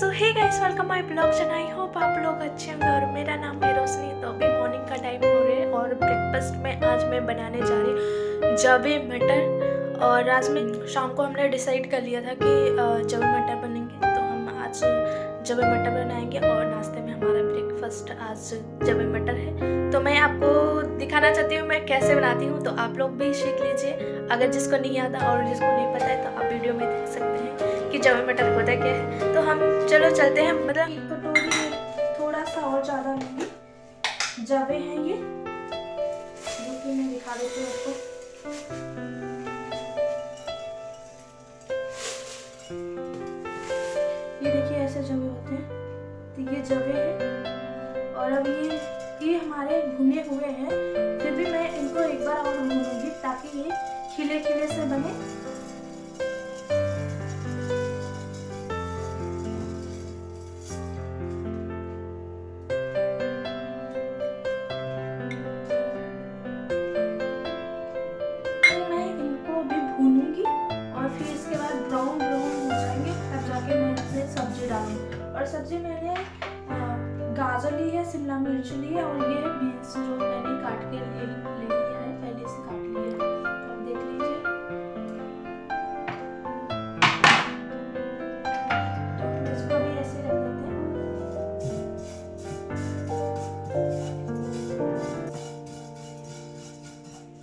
so hey guys welcome my blog जन I hope आप लोग अच्छे होंगे और मेरा नाम है रोशनी तो अभी मॉर्निंग का टाइम हो रहा है और ब्रेकफास्ट में आज मैं बनाने जा रही हूँ जवे मटर और आज में शाम को हमने डिसाइड कर लिया था कि जवे मटर बनेंगे तो हम आज जवे मटर बनाएंगे और नाश्ते में हमारा ब्रेकफास्ट आज जवे मटर है तो मैं आपको दिखाना चाहती हूँ मैं कैसे बनाती हूँ तो आप लोग भी सीख लीजिए अगर जिसको नहीं आता और जिसको नहीं पता है तो आप वीडियो में देख सकते हैं कि जवे मटर होता क्या है तो हम चलो चलते हैं मतलब थोड़ा सा और ज़्यादा लेंगे जवे हैं ये जो कि मैं दिखा देती हूँ आपको ये जवे हैं और अब ये ये हमारे भुने हुए हैं फिर भी मैं इनको एक बार और भूनूंगी ताकि ये खिले खिले से बने शिमला मिर्च ली है और ये है बीन्स जो मैंने काट के ले लिया है पहले से काट लिया है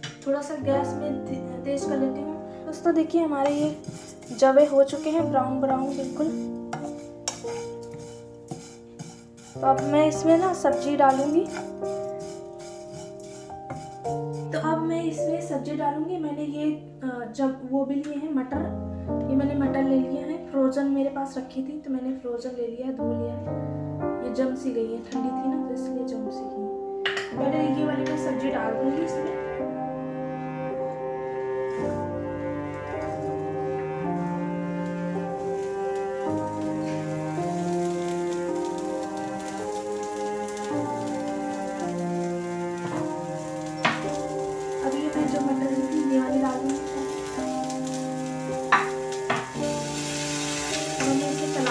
तो थोड़ा सा गैस में तेज कर लेती हूँ दोस्तों देखिए हमारे ये जवे हो चुके हैं ब्राउन ब्राउन बिल्कुल तो अब मैं इसमें ना सब्जी डालूँगी तो अब मैं इसमें सब्जी डालूँगी मैंने ये जब वो भी लिए हैं मटर ये मैंने मटर ले लिया है फ्रोजन मेरे पास रखी थी तो मैंने फ्रोजन ले लिया है धो लिया है ये जम सी गई है ठंडी थी ना तो इसलिए जम सी गई मैंने ये वाली मैं सब्जी डाल दूंगी इसमें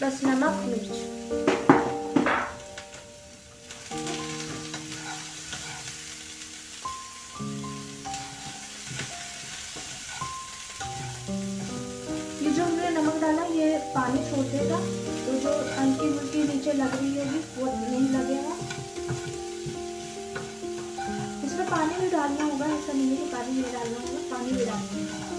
बस नमक मिर्च पानी छोड़ देगा तो जो हल्की फुल्की नीचे लग रही है भी वो नहीं लगेगा इसमें पानी भी डालना होगा ऐसा नहीं है कि पानी नहीं डालना होगा पानी भी डालना होगा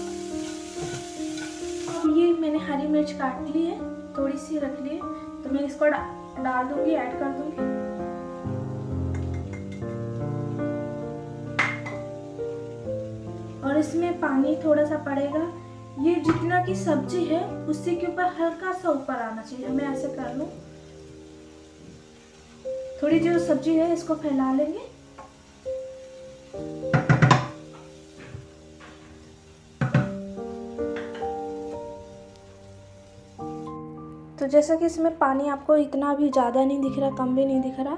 अब तो ये मैंने हरी मिर्च काट ली है थोड़ी सी रख ली तो मैं इसको डा, डाल दूंगी ऐड कर दूंगी और इसमें पानी थोड़ा सा पड़ेगा ये जितना की सब्जी है उसी के ऊपर हल्का सा ऊपर आना चाहिए मैं ऐसे कर लू थोड़ी जो सब्जी है इसको फैला लेंगे तो जैसा कि इसमें पानी आपको इतना भी ज़्यादा नहीं दिख रहा कम भी नहीं दिख रहा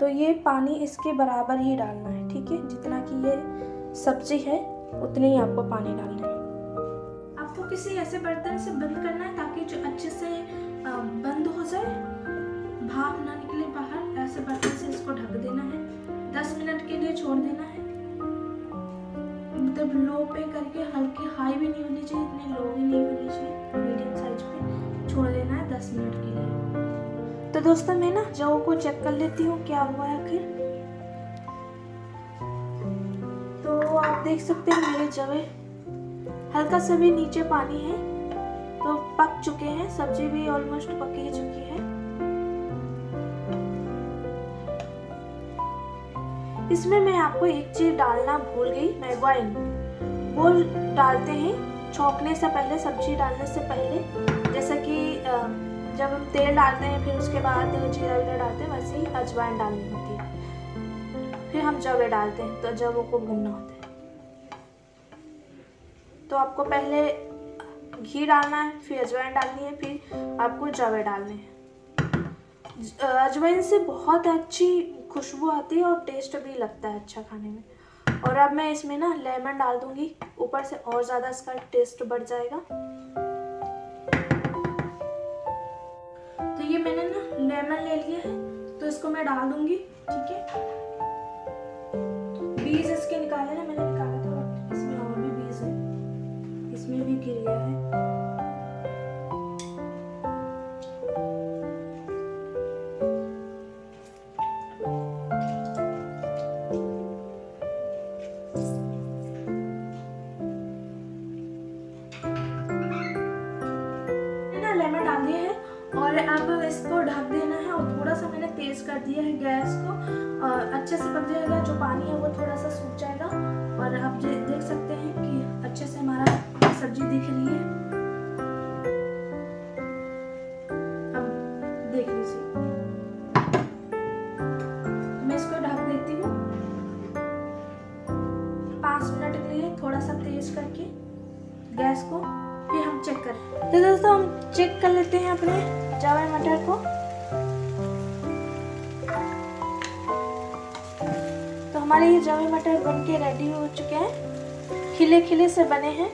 तो ये पानी इसके बराबर ही डालना है ठीक है जितना कि ये सब्जी है उतनी ही आपको पानी डालना है आपको किसी ऐसे बर्तन से बंद करना है ताकि जो अच्छे से बंद हो जाए भाप ना निकले बाहर ऐसे बर्तन से इसको ढक देना है दस मिनट के लिए छोड़ देना है मतलब लो पे करके हल्के हाई भी नहीं दोस्तों मैं ना जौ को चेक कर लेती हूँ क्या हुआ है आखिर तो आप देख सकते हैं मेरे जवे हल्का सा भी नीचे पानी है तो पक चुके हैं सब्जी भी ऑलमोस्ट पकी ही चुकी है इसमें मैं आपको एक चीज डालना भूल गई मैगवाइन वो डालते हैं छोंकने से पहले सब्जी डालने से पहले तेल डालते हैं फिर उसके बाद जीरा वीरा डालते हैं वैसे ही अजवाइन डालनी होती है फिर हम जवे डालते हैं तो जवों को भूनना होता है तो आपको पहले घी डालना है फिर अजवाइन डालनी है फिर आपको जवे डालने हैं अजवाइन से बहुत अच्छी खुशबू आती है और टेस्ट भी लगता है अच्छा खाने में और अब मैं इसमें ना लेमन डाल दूंगी ऊपर से और ज़्यादा इसका टेस्ट बढ़ जाएगा लेमन ले लिया है तो इसको मैं डाल दूंगी ठीक है बीज इसके निकाले ना मैंने निकाला था इसमें और भी बीज है इसमें भी गिर गया है तेज़ कर दिया है गैस को और अच्छे से पक जाएगा जो पानी है वो थोड़ा सा सूख जाएगा और आप देख सकते हैं कि अच्छे से हमारा सब्जी दिख रही है गैस को फिर हम चेक करें तो दोस्तों हम चेक कर लेते हैं अपने चावल मटर को हमारे ये जवे मटर बन के रेडी हो चुके हैं खिले खिले से बने हैं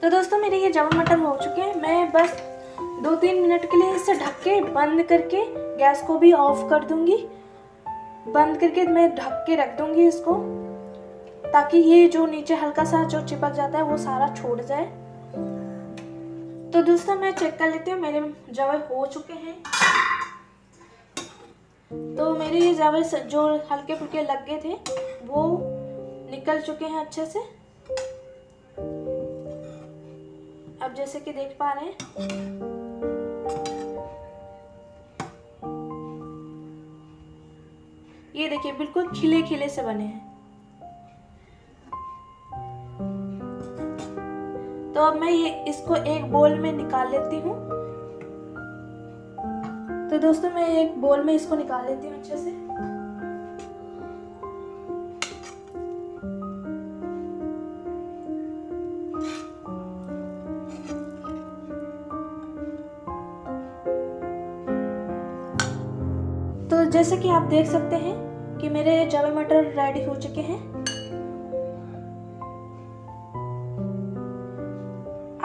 तो दोस्तों मेरे ये जमा मटर हो चुके हैं मैं बस दो तीन मिनट के लिए इसे ढक के बंद करके गैस को भी ऑफ कर दूंगी बंद करके मैं ढक के रख दूंगी इसको ताकि ये जो नीचे हल्का सा जो चिपक जाता है वो सारा छोड़ जाए तो दोस्तों मैं चेक कर लेती हूँ मेरे जवे हो चुके हैं तो मेरे ये जवे जो हल्के फुल्के लग गए थे वो निकल चुके हैं अच्छे से अब जैसे कि देख पा रहे हैं देखिए बिल्कुल खिले खिले से बने हैं तो अब मैं ये इसको एक बोल में निकाल लेती हूँ तो दोस्तों मैं एक बोल में इसको निकाल लेती हूँ अच्छे से तो जैसे कि आप देख सकते हैं कि मेरे जावे मटर रेडी हो चुके हैं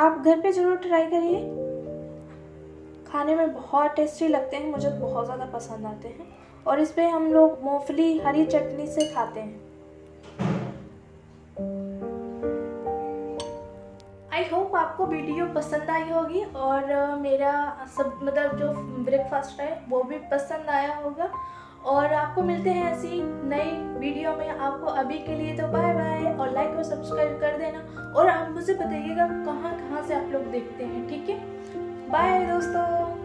आप घर पे ज़रूर ट्राई करिए खाने में बहुत टेस्टी लगते हैं मुझे बहुत ज़्यादा पसंद आते हैं और इस पर हम लोग मूँगफली हरी चटनी से खाते हैं आई होप आपको वीडियो पसंद आई होगी और मेरा सब मतलब जो ब्रेकफास्ट है वो भी पसंद आया होगा और आपको मिलते हैं ऐसी नई वीडियो में आपको अभी के लिए तो बाय बाय और लाइक और सब्सक्राइब कर देना और आप मुझे बताइएगा कहाँ कहाँ से आप लोग देखते हैं ठीक है बाय दोस्तों